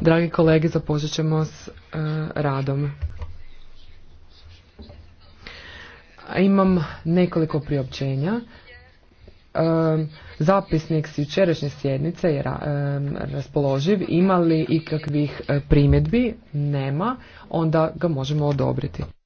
Dragi kolege, započet ćemo s e, radom. Imam nekoliko priopćenja. E, zapisnik s jučerašnje sjednice je e, raspoloživ. Ima li ikakvih primjedbi? Nema. Onda ga možemo odobriti.